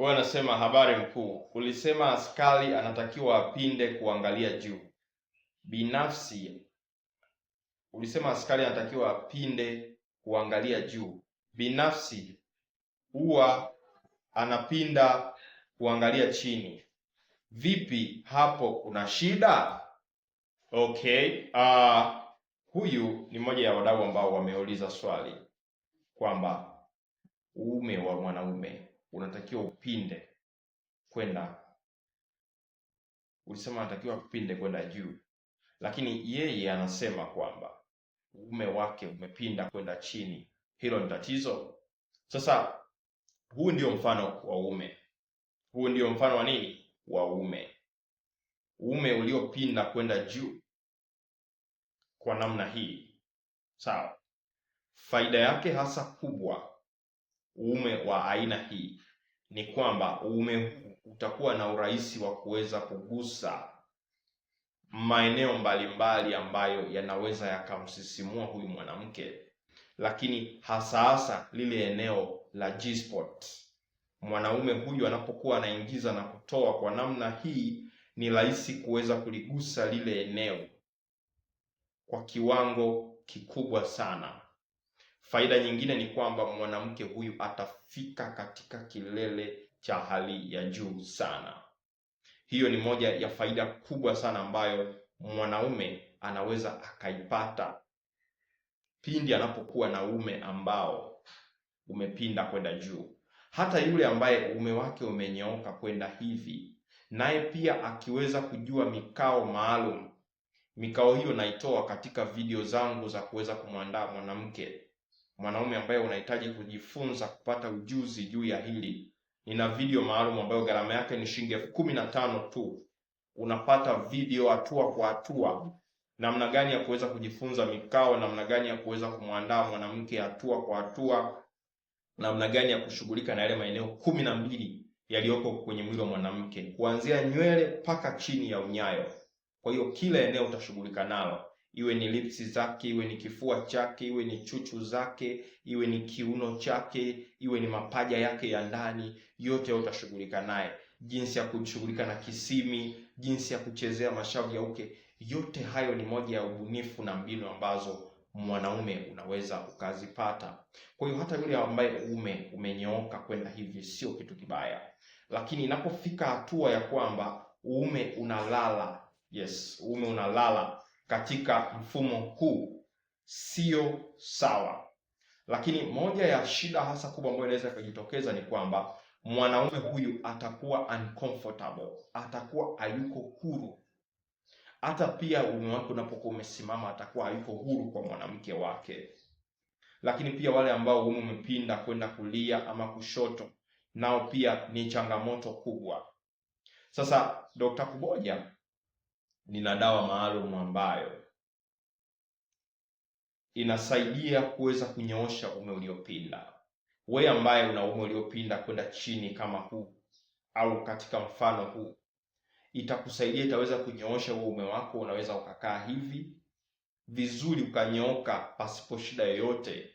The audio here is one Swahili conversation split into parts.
Kwa anasema habari mkuu, ulisema askari anatakiwa apinde kuangalia juu. Binafsi ulisema askari anatakiwa apinde kuangalia juu. Binafsi huwa anapinda kuangalia chini. Vipi hapo kuna shida? Okay, uh, huyu ni mmoja ya wadau ambao wameuliza swali kwamba uume wa mwanaume unatakiwa upinde kwenda, ulisema anatakiwa upinde kwenda juu, lakini yeye anasema kwamba uume wake umepinda kwenda chini. Hilo ni tatizo. Sasa huu ndio mfano wa ume huu ndio mfano wa nini? Wa ume ume uliopinda kwenda juu kwa namna hii. Sawa, faida yake hasa kubwa uume wa aina hii ni kwamba uume utakuwa na urahisi wa kuweza kugusa maeneo mbalimbali ambayo yanaweza yakamsisimua huyu mwanamke, lakini hasa hasa lile eneo la G-spot. Mwanaume huyu anapokuwa anaingiza na kutoa kwa namna hii, ni rahisi kuweza kuligusa lile eneo kwa kiwango kikubwa sana. Faida nyingine ni kwamba mwanamke huyu atafika katika kilele cha hali ya juu sana. Hiyo ni moja ya faida kubwa sana ambayo mwanaume anaweza akaipata pindi anapokuwa na ume ambao umepinda kwenda juu. Hata yule ambaye ume wake umenyooka kwenda hivi, naye pia akiweza kujua mikao maalum, mikao hiyo naitoa katika video zangu za kuweza kumwandaa mwanamke mwanaume ambaye unahitaji kujifunza kupata ujuzi juu ya hili, nina video maalum ambayo gharama yake ni shilingi elfu kumi na tano tu. Unapata video hatua kwa hatua, namna gani ya kuweza kujifunza mikao, namna gani ya kuweza kumwandaa mwanamke hatua kwa hatua, namna gani ya kushughulika na yale maeneo kumi na mbili yaliyoko kwenye mwili wa mwanamke kuanzia nywele mpaka chini ya unyayo. Kwa hiyo kila eneo utashughulika nalo iwe ni lipsi zake, iwe ni kifua chake, iwe ni chuchu zake, iwe ni kiuno chake, iwe ni mapaja yake ya ndani, yote utashughulika naye. Jinsi ya kushughulika na kisimi, jinsi ya kuchezea mashavu ya uke, yote hayo ni moja ya ubunifu na mbinu ambazo mwanaume unaweza ukazipata. Kwa hiyo hata yule ambaye ume umenyooka kwenda hivi sio kitu kibaya, lakini inapofika hatua ya kwamba uume unalala, yes, uume unalala katika mfumo huu sio sawa. Lakini moja ya shida hasa kubwa ambayo inaweza kujitokeza ni kwamba mwanaume huyu atakuwa uncomfortable, atakuwa hayuko huru. Hata pia uume wake unapokuwa umesimama, atakuwa hayuko huru kwa mwanamke wake. Lakini pia wale ambao uume umepinda kwenda kulia ama kushoto, nao pia ni changamoto kubwa. Sasa Dr. Kuboja nina dawa maalum ambayo inasaidia kuweza kunyoosha ume uliopinda. Wewe ambaye una ume uliopinda kwenda chini kama huu au katika mfano huu, itakusaidia itaweza kunyoosha huo ume wako. Unaweza ukakaa hivi vizuri ukanyooka pasipo shida yoyote.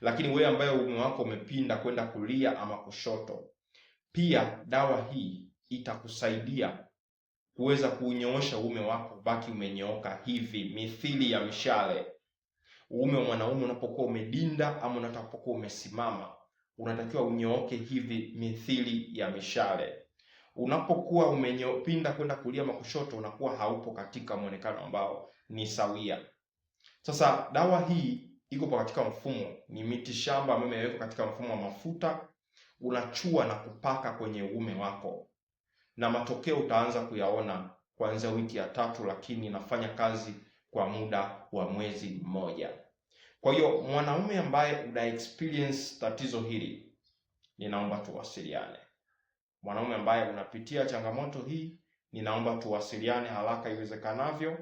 Lakini wewe ambaye ume wako umepinda kwenda kulia ama kushoto, pia dawa hii itakusaidia kuweza kuunyoosha uume wako ubaki umenyooka hivi mithili ya mshale. Uume wa mwanaume unapokuwa umedinda ama unapokuwa umesimama, unatakiwa unyooke hivi mithili ya mishale. Unapokuwa umenyopinda kwenda kulia makushoto, unakuwa haupo katika mwonekano ambao ni sawia. Sasa dawa hii iko kwa katika mfumo ni miti shamba ambayo imewekwa katika mfumo wa mafuta, unachua na kupaka kwenye uume wako na matokeo utaanza kuyaona kuanzia wiki ya tatu, lakini inafanya kazi kwa muda wa mwezi mmoja. Kwa hiyo mwanaume ambaye una experience tatizo hili, ninaomba tuwasiliane. Mwanaume ambaye unapitia changamoto hii, ninaomba tuwasiliane haraka iwezekanavyo,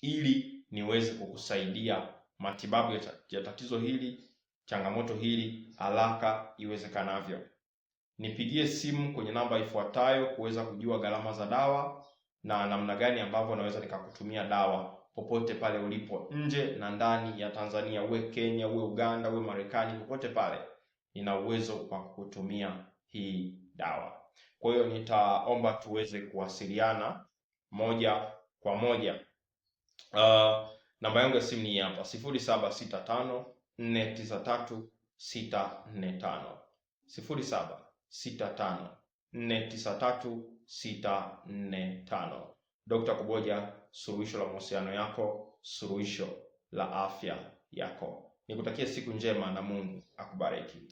ili niweze kukusaidia matibabu ya tatizo hili, changamoto hili haraka iwezekanavyo nipigie simu kwenye namba ifuatayo kuweza kujua gharama za dawa na namna gani ambavyo naweza nikakutumia dawa popote pale ulipo nje na ndani ya Tanzania, uwe Kenya, uwe Uganda, uwe Marekani, popote pale nina uwezo wa kutumia hii dawa. Kwa hiyo nitaomba tuweze kuwasiliana moja kwa moja. Uh, namba yangu ya simu ni hapa 0765493645 65 493645. Kuboja, suluhisho la mahusiano yako, suluhisho la afya yako. Nikutakia siku njema na Mungu akubariki.